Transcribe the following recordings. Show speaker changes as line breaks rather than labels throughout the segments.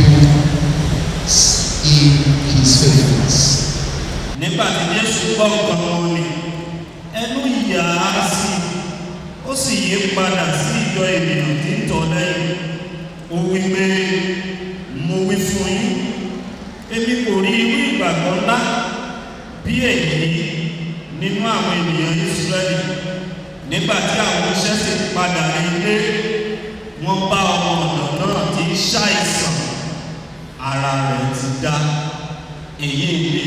evidence in his faithfulness.
nígbà tí jésù gbọ́ nǹkan wọn ni ẹnu ìyà á sí ó sì yí padà sí ìjọ ènìyàn tí ń tọ̀ lẹ́yìn ó wí pé mo
wí fún yín èmi kò rí irú ìgbàgbọ́ ńlá bí èyí nínú àwọn ènìyàn Ísírẹ́lì nígbà tí àwọn oníṣẹ́ sì padà ní ilé wọ́n bá ọmọ ọ̀dọ̀ náà tí ń ṣàìsàn
ara rẹ̀ ti dá èyí ni.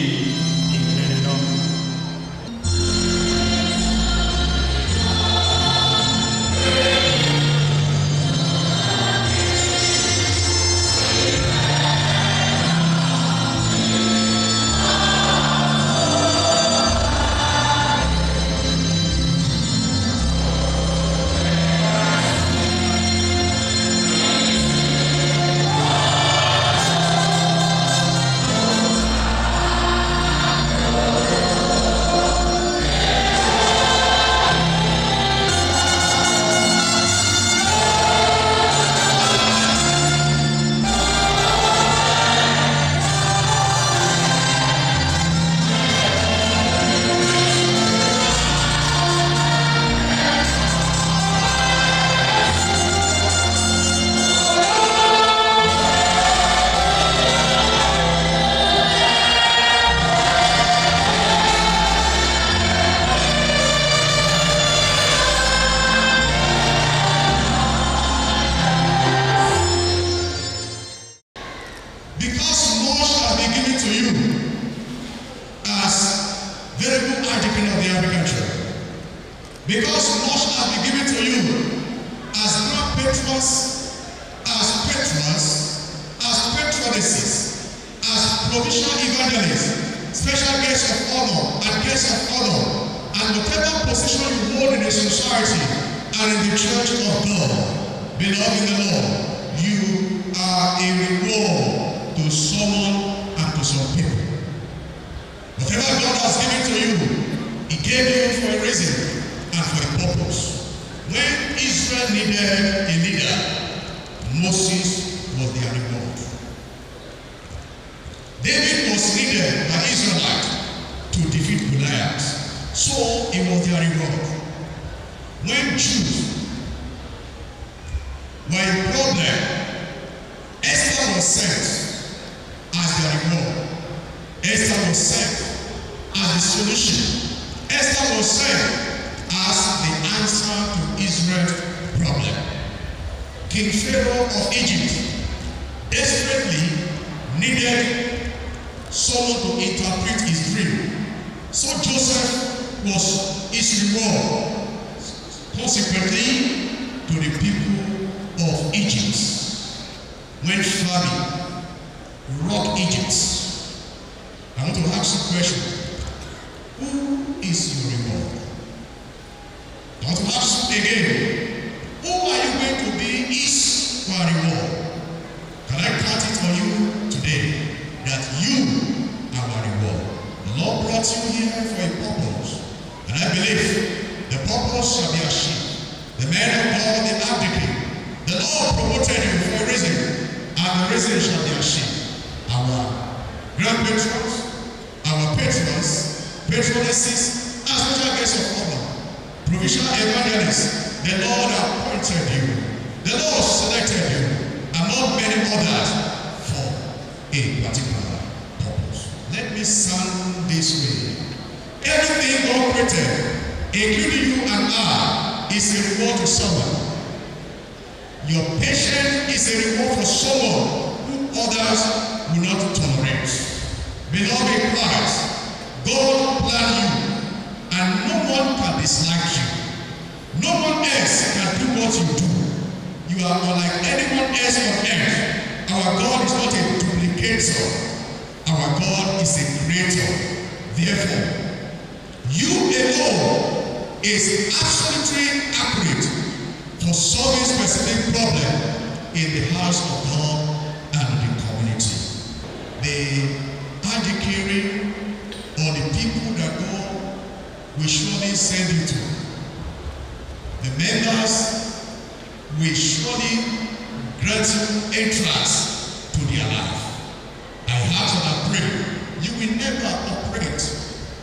in of the agriculture. Because much has been given to you as not patrons, as patrons, as patronesses, as provincial evangelists, special guests of honor and guests of honor, and whatever position you hold in the society and in the church of God, beloved in the Lord, you are a reward to someone and to some people. Whatever God has given to you, gave you for a reason and for a purpose. When Israel needed a leader, Moses was the reward. David was needed by Israelite to defeat Goliath. So he was the reward. When Jews were in problem, Esther was sent as the reward. Esther was sent as the solution Esther was sent as the answer to Israel's problem. King Pharaoh of Egypt desperately needed someone to interpret his dream. So Joseph was his reward. Consequently, to the people of Egypt when Pharaoh, rocked Egypt. I want to ask a question is your reward. But ask again, who are you going to be is your reward? Can I count it for you today that you are my reward? The Lord brought you here for a purpose, and I believe the purpose shall be achieved. The man of God, the advocate, the Lord promoted you for a reason, and the reason shall be achieved. Our grand patrons, our patrons, faithfulness, and special guest of honor, provisional evangelists, the Lord appointed you, the Lord selected you, among many others, for a particular purpose. Let me sound this way. Everything God created, including you and I, is a reward to someone. Your patience is a reward for someone who others will not tolerate. Beloved Christ, God plan you, and no one can dislike you. No one else can do what you do. You are unlike anyone else on earth. Our God is not a duplicator. Our God is a creator. Therefore, you alone is absolutely accurate for solving specific problem in the house of God We surely send you to. The members will surely grant you entrance to their life. I have and I pray you will never operate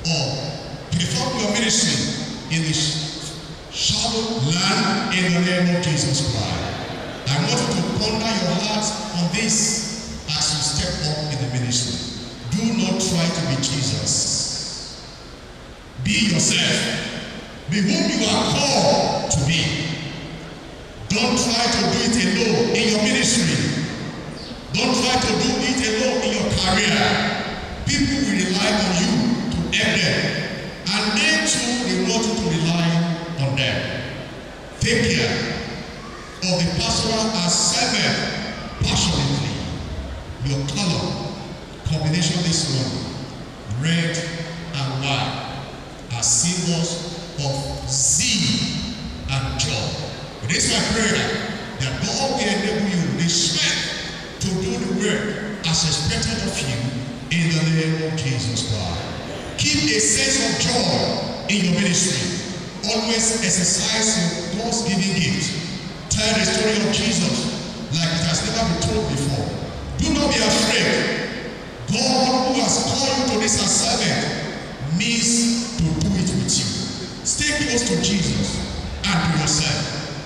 or perform your ministry in this shallow land in the name of Jesus Christ. I want you to ponder your heart on this as you step up in the ministry. Do not try to be Jesus. Be yourself. Be whom you are called to be. Don't try to do it alone in your ministry. Don't try to do it alone in your career. People will rely on you to help them. And they too will want to rely on them. Take care of the pastoral and servant passionately. Your color combination this one, red and white are symbols of zeal and joy. It is my prayer that God will enable you the strength to do the work as expected of you in the name of Jesus Christ. Keep a sense of joy in your ministry. Always exercise your God's giving gift. Tell the story of Jesus like it has never been told before. Do not be afraid. God who has called you to this assignment means to do it with you. Stay close to Jesus and to yourself.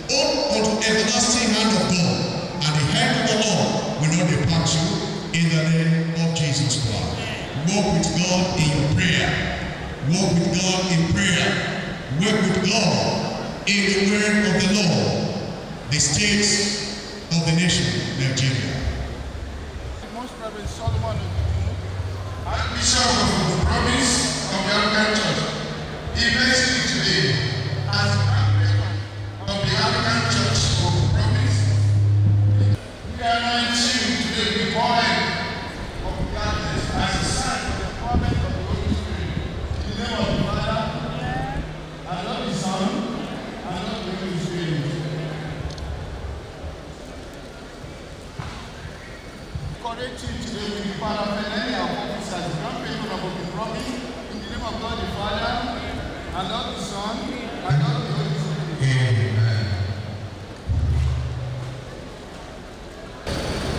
Hold unto everlasting hand of God, and the hand of the Lord will not depart you in the name of Jesus Christ. Walk with God in prayer. Walk with God in prayer. Work with God in the word of the Lord. The state of the nation, Nigeria.
Most
Reverend Solomon Archbishop of the Promise, Church. He blessed me today as God the Father, and the Son, and
the Holy Spirit. Amen.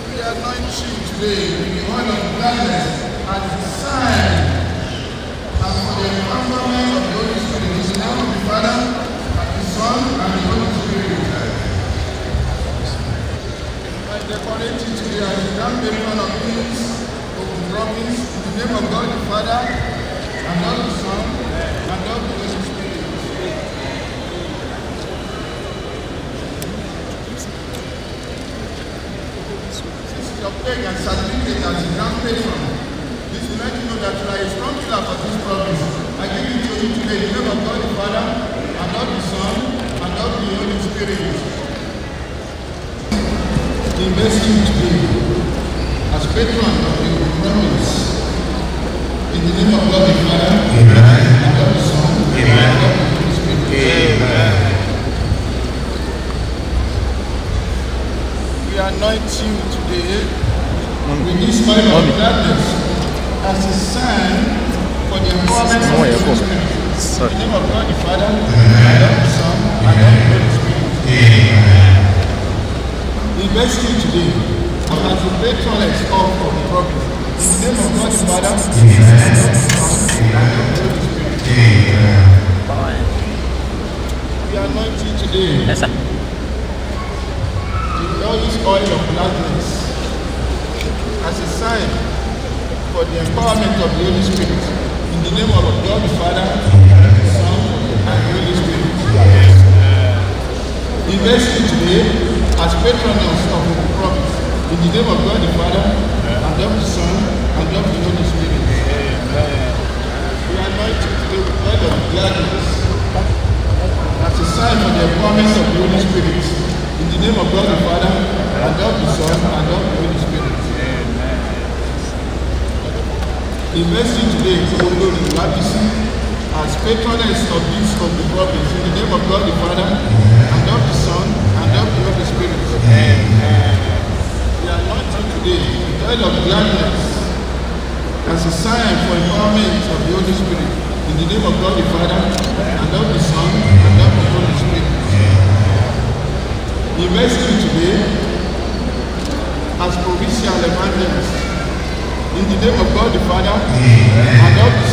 We anoint you today with the oil of gladness as and the empowerment of the Holy Spirit. In the name of the Father, and the Son, and the Holy Spirit. I decorate you today as a grand of peace, open promise, in the name of God the Father, take and certificate that you can pay from. This will let you know that you are a strong pillar for this promise. I give it to you today in the name of God the Father, and God the Son, and God the Holy Spirit. The message today
as patron of the promise in the name of God the Father, Amen. and God the Son, Amen. and God the Holy Spirit. Amen.
We anoint you today we use money of gladness as a sign for the empowerment of the Spirit. In the name of God the Father, the Son, and the Holy Spirit. Amen. We bless today as a great tolerance of the progress. In the name of God the Father, the Son, and the Holy Spirit. Amen. Bye. We anoint you today. Yes, sir. The glorious oil of gladness. as a sign for the empowerment of the Holy Spirit. In the name of God the Father, and the Son, and the Holy Spirit. Invest you today as patrons of the prophet. In the name of God the Father, and of the Son, and of the Holy Spirit. We anoint you today with oil of gladness as a sign for the empowerment of the Holy Spirit. In the name of God the Father, and of the Son, and of the Holy Spirit. The message today is Olori Labisi as patroness of this of the province in the name of God the Father and of the Son and of the Holy Spirit. Amen. are anointing today, the oil of gladness, as a sign for empowerment of the Holy Spirit in the name of God the Father and of the Son and of the Holy Spirit. The message today as provincial evangelists In the name of God the Father, Amen. and the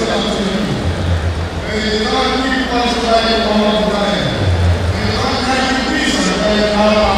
Thank you.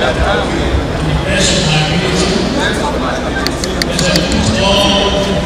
That I will, to the best of my ability, as I put all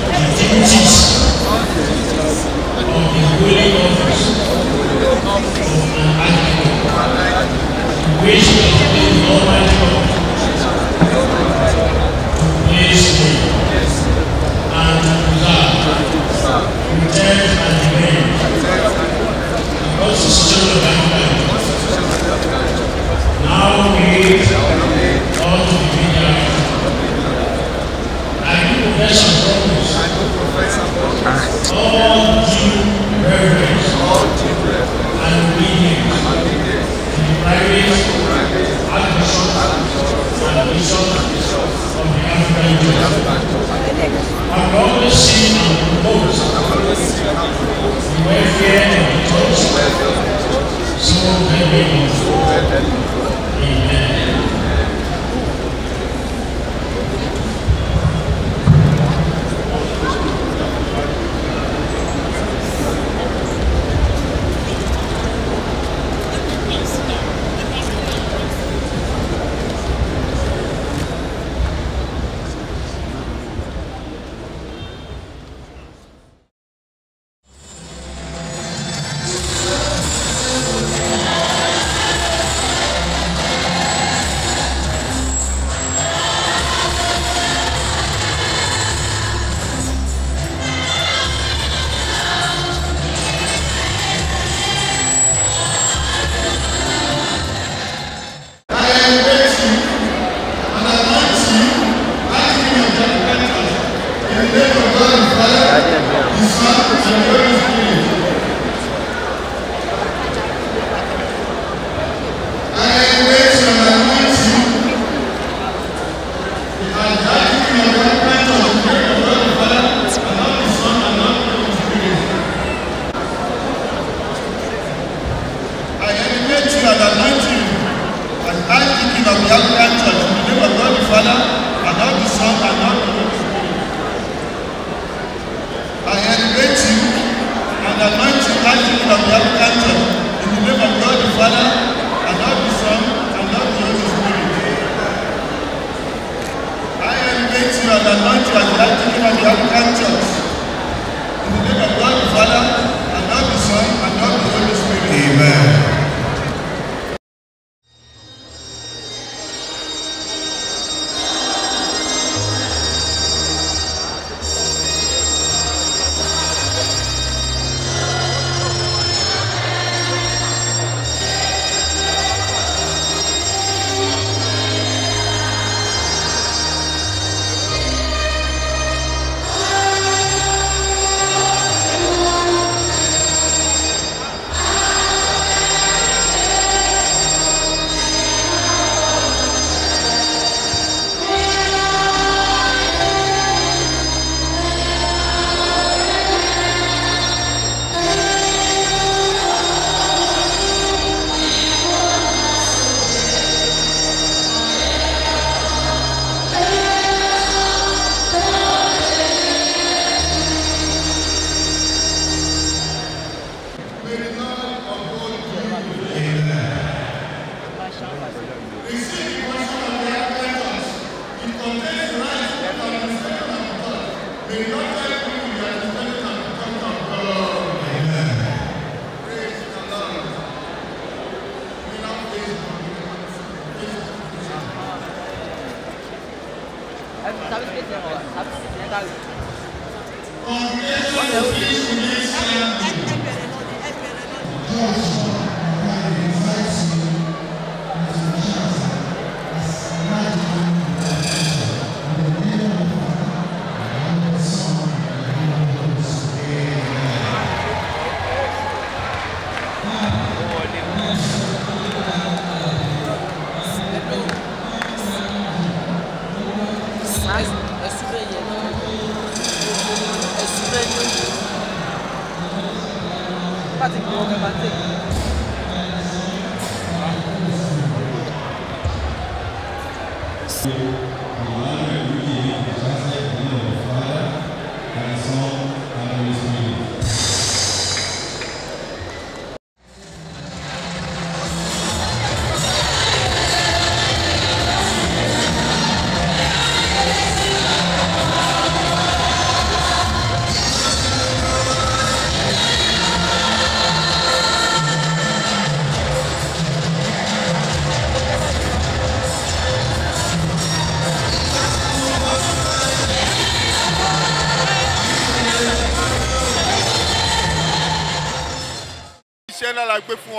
Yes.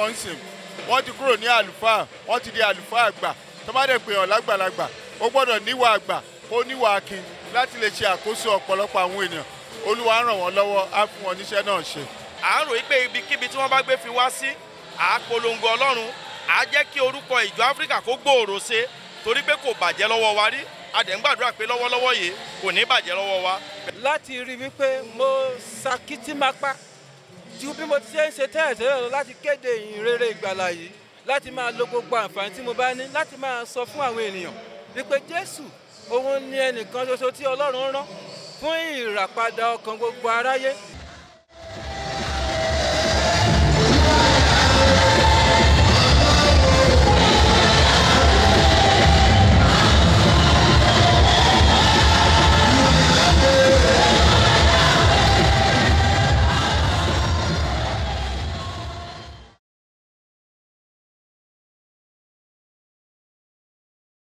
wọn ń sìn wọ́n ti kúrò ní àlùfáà wọ́n ti di àlùfáà àgbà tó bá dẹ̀ pè ọ́ lágbàlagbà ó gbọ́dọ̀ níwà àgbà kó níwà akin láti lè ṣe àkóso ọ̀pọ̀lọpọ̀ àwọn ènìyàn olúwa ràn wọ́n lọ́wọ́ á fún wọn níṣẹ́ náà ṣe. à ń ròyìn pé ibikíbi tí wọ́n bá gbé fi wá sí àpolongo ọlọ́run á jẹ́ kí orúkọ ìjọ áfíríkà kó gbòòrò ṣe torí pé kò bàjẹ́ lọ́wọ́ wa rí a dẹ̀ ń gbàdúrà pé lọ́wọ́lọ́wọ́ yìí kò ní bàjẹ́ lọ́wọ́ wa. láti rí wípé mo sakitimápá ju bí mo ti ṣe ń ṣe tẹ́lẹ̀ tẹ́lẹ̀ lọ láti kéde ìyìn rere ìgbàlà yìí láti máa lo gbogbo àǹfààní tí mo bá ní láti máa sọ fún àwọn ènìyàn wípé Jésù òun ni ẹnìkan ṣoṣo tí Ọlọ́run rán fún ìràpadà ọkàn gbogbo aráyé